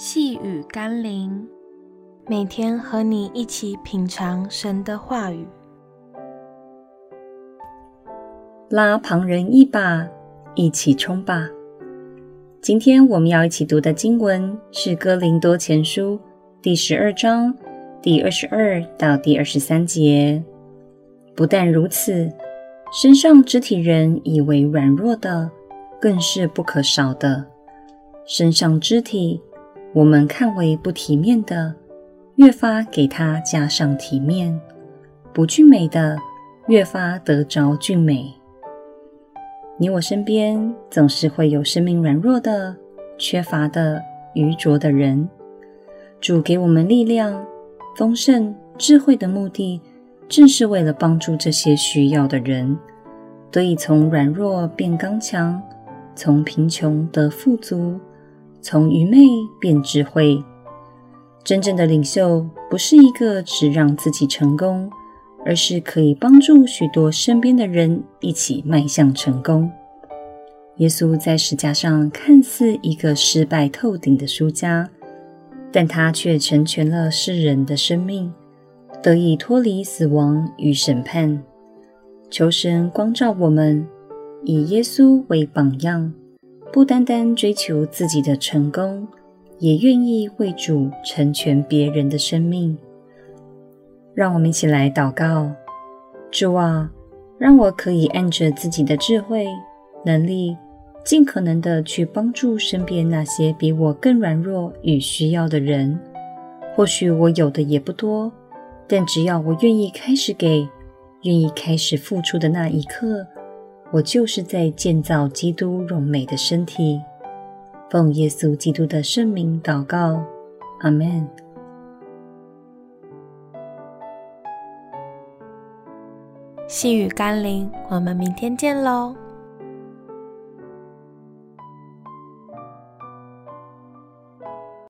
細語甘霖，每天和你一起品嘗神的話語。拉旁人一把，一起衝吧！今天我們要一起讀的經文是《哥林多前書》第十二章第二十二到第二十三節。不但如此，身上肢體人以為軟弱的，更是不可少的。身上肢體，我們看為不體面的，越發給它加上體面；不俊美的，越發得着俊美。你我身邊總是會有生命軟弱的、缺乏的、愚拙的人。主給我們力量、豐盛、智慧的目的，正是為了幫助這些需要的人，得以從軟弱變剛強，從貧窮得富足。從愚昧變智慧，真正的領袖不是一個只讓自己成功，而是可以幫助許多身邊的人一起邁向成功。耶穌在十架上看似一個失敗透頂的輸家，但他卻成全了世人的生命，得以脫離死亡與審判。求神光照我們，以耶穌為榜樣。不單單追求自己的成功，也願意為主成全別人的生命。讓我們一起來禱告：主啊，讓我可以按着自己的智慧、能力，盡可能地去幫助身邊那些比我更軟弱與需要的人。或許我有的也不多，但只要我願意開始給，願意開始付出的那一刻。我就是在建造基督榮美的身體，奉耶穌基督的聖名禱告，阿門細語甘霖，我們明天見嘍。